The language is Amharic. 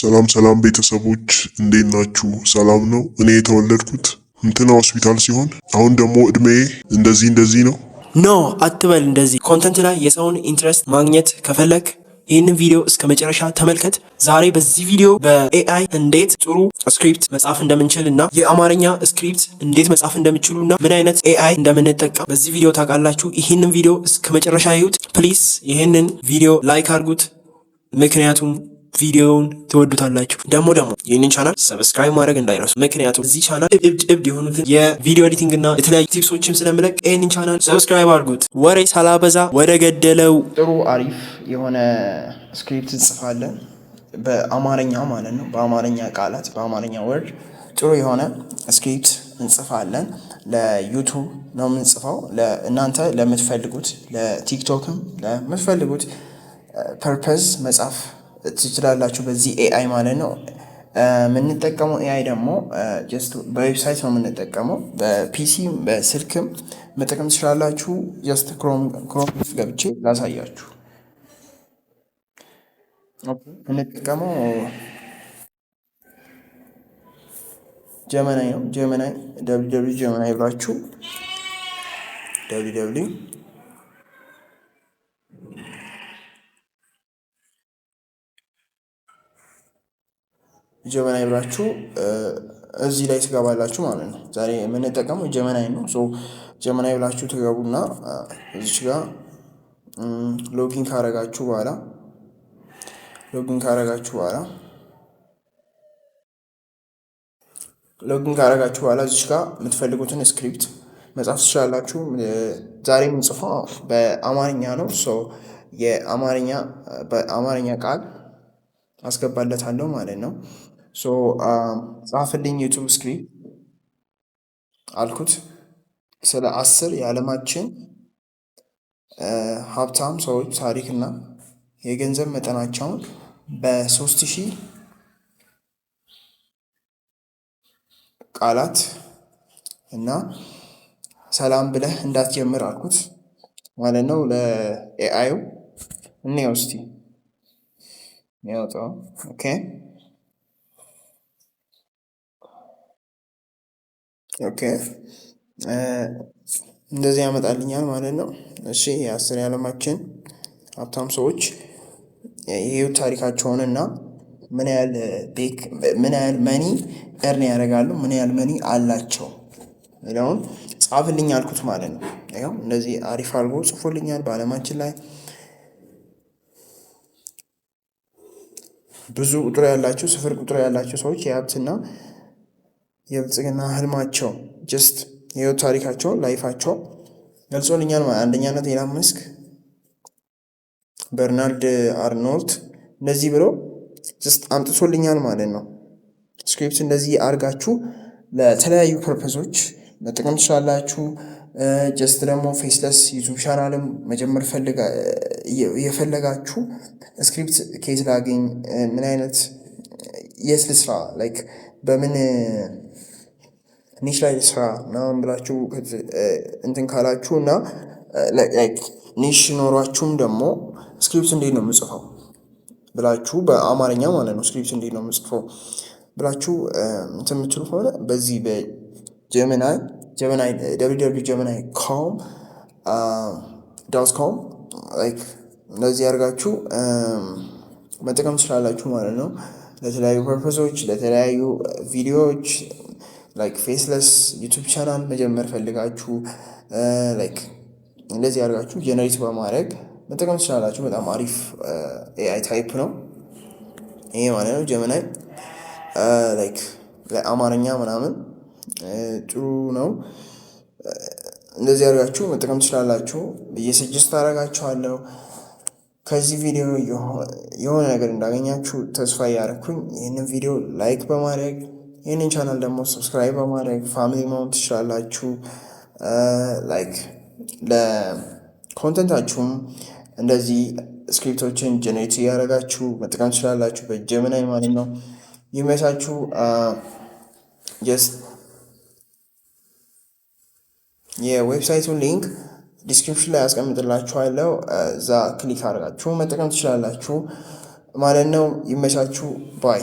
ሰላም ሰላም ቤተሰቦች እንዴት ናችሁ? ሰላም ነው። እኔ የተወለድኩት እንትና ሆስፒታል ሲሆን አሁን ደግሞ እድሜ እንደዚህ እንደዚህ ነው። ኖ አትበል እንደዚህ። ኮንተንት ላይ የሰውን ኢንትረስት ማግኘት ከፈለግ ይህንን ቪዲዮ እስከ መጨረሻ ተመልከት። ዛሬ በዚህ ቪዲዮ በኤአይ እንዴት ጥሩ ስክሪፕት መጻፍ እንደምንችል እና የአማርኛ ስክሪፕት እንዴት መጻፍ እንደምችሉ እና ምን አይነት ኤአይ እንደምንጠቀም በዚህ ቪዲዮ ታውቃላችሁ። ይህንን ቪዲዮ እስከ መጨረሻ ይዩት ፕሊስ። ይህንን ቪዲዮ ላይክ አድርጉት፣ ምክንያቱም ቪዲዮውን ትወዱታላችሁ። ደግሞ ደግሞ ይህንን ቻናል ሰብስክራይብ ማድረግ እንዳይረሱ፣ ምክንያቱም እዚህ ቻናል እብድ እብድ የሆኑትን የቪዲዮ ኤዲቲንግ እና የተለያዩ ቲፕሶችም ስለምለቅ ይህንን ቻናል ሰብስክራይብ አድርጉት። ወሬ ሳላበዛ ወደ ገደለው። ጥሩ አሪፍ የሆነ ስክሪፕት እንጽፋለን በአማርኛ ማለት ነው። በአማርኛ ቃላት፣ በአማርኛ ወርድ ጥሩ የሆነ ስክሪፕት እንጽፋለን። ለዩቱብ ነው የምንጽፈው። እናንተ ለምትፈልጉት ለቲክቶክም ለምትፈልጉት ፐርፐዝ መጻፍ ትችላላችሁ በዚህ ኤአይ ማለት ነው። የምንጠቀመው ኤአይ ደግሞ ጀስት በዌብሳይት ነው የምንጠቀመው። በፒሲም በስልክም መጠቀም ትችላላችሁ። ጀስት ክሮም ገብቼ ላሳያችሁ። የምንጠቀመው ጀመናይ ነው። ጀመናይ ደብሊው ደብሊው ጀመናይ ብላችሁ ደብሊው ደብሊው ጀመናይ ብላችሁ እዚህ ላይ ትገባላችሁ ማለት ነው። ዛሬ የምንጠቀመው ጀመናይ ነው። ጀመናይ ብላችሁ ትገቡና እዚች ጋር ሎጊን ካረጋችሁ በኋላ ሎጊን ካረጋችሁ በኋላ ሎጊን ካረጋችሁ በኋላ እዚች ጋር የምትፈልጉትን ስክሪፕት መጻፍ ትችላላችሁ። ዛሬ የምንጽፈው በአማርኛ ነው። የአማርኛ በአማርኛ ቃል አስገባለታለሁ ማለት ነው። ጻፍልኝ ዩቱብ ስክሪፕት አልኩት። ስለ አስር የዓለማችን ሀብታም ሰዎች ታሪክና የገንዘብ መጠናቸውን በሶስት ሺህ ቃላት እና ሰላም ብለህ እንዳትጀምር አልኩት ማለት ነው። ለኤአዩ እንየው እስቲ ሚያወጣው ኦኬ ኦኬ እንደዚህ ያመጣልኛል ማለት ነው። እሺ የአስር የዓለማችን ሀብታም ሰዎች ታሪካቸውን እና ምን ያህል ቤክ ምን ያህል መኒ ኤርን ያደርጋሉ፣ ምን ያህል መኒ አላቸው የሚለውን ጻፍልኝ አልኩት ማለት ነው። ያው እንደዚህ አሪፍ አድርጎ ጽፎልኛል። በዓለማችን ላይ ብዙ ቁጥር ያላቸው ስፍር ቁጥር ያላቸው ሰዎች የሀብትና የብልጽግና ህልማቸው ጀስት የህይወት ታሪካቸው ላይፋቸው ገልጾልኛል። አንደኛነት ሌላ መስክ በርናልድ አርኖልት እንደዚህ ብሎ ጀስት አምጥቶልኛል ማለት ነው። ስክሪፕት እንደዚህ አድርጋችሁ ለተለያዩ ፐርፐሶች መጠቀም ትችላላችሁ። ጀስት ደግሞ ፌስለስ ዩቱብ ቻናልም መጀመር የፈለጋችሁ ስክሪፕት ኬዝ ላገኝ፣ ምን አይነት የስል ስራ ላይክ በምን ኒሽ ላይ ስራ ምናምን ብላችሁ እንትን ካላችሁ እና ኒሽ ኖሯችሁም ደግሞ ስክሪፕት እንዴት ነው የምጽፈው ብላችሁ በአማርኛ ማለት ነው ስክሪፕት እንዴት ነው የምጽፈው ብላችሁ እንትን የምትሉ ከሆነ በዚህ በጀመናይ ጀመናይ ደብሊው ጀመናይ ኮም ዳት ኮም እንደዚህ ያርጋችሁ መጠቀም ትችላላችሁ ማለት ነው። ለተለያዩ ፐርፐሶች ለተለያዩ ቪዲዮዎች ላይክ ፌስለስ ዩቱብ ቻናል መጀመር ፈልጋችሁ ላይክ እንደዚህ አድርጋችሁ ጀነሬት በማድረግ መጠቀም ትችላላችሁ። በጣም አሪፍ ኤአይ ታይፕ ነው ይሄ ማለት ነው። ጀመናይ ላይክ ለአማርኛ ምናምን ጥሩ ነው። እንደዚህ አድርጋችሁ መጠቀም ትችላላችሁ ብዬ ስጅስት አደርጋችኋለሁ። ከዚህ ቪዲዮ የሆነ ነገር እንዳገኛችሁ ተስፋ እያደረኩኝ ይህንን ቪዲዮ ላይክ በማድረግ ይህንን ቻናል ደግሞ ሰብስክራይብ በማድረግ ፋሚሊ መሆን ትችላላችሁ። ላይክ ለኮንተንታችሁም እንደዚህ ስክሪፕቶችን ጀኔሬት እያደረጋችሁ መጠቀም ትችላላችሁ፣ በጀምናይ ማለት ነው። ይመሳችሁ የዌብሳይቱን ሊንክ ዲስክሪፕሽን ላይ ያስቀምጥላችኋለሁ። እዛ ክሊክ አድርጋችሁ መጠቀም ትችላላችሁ ማለት ነው። ይመቻችሁ ባይ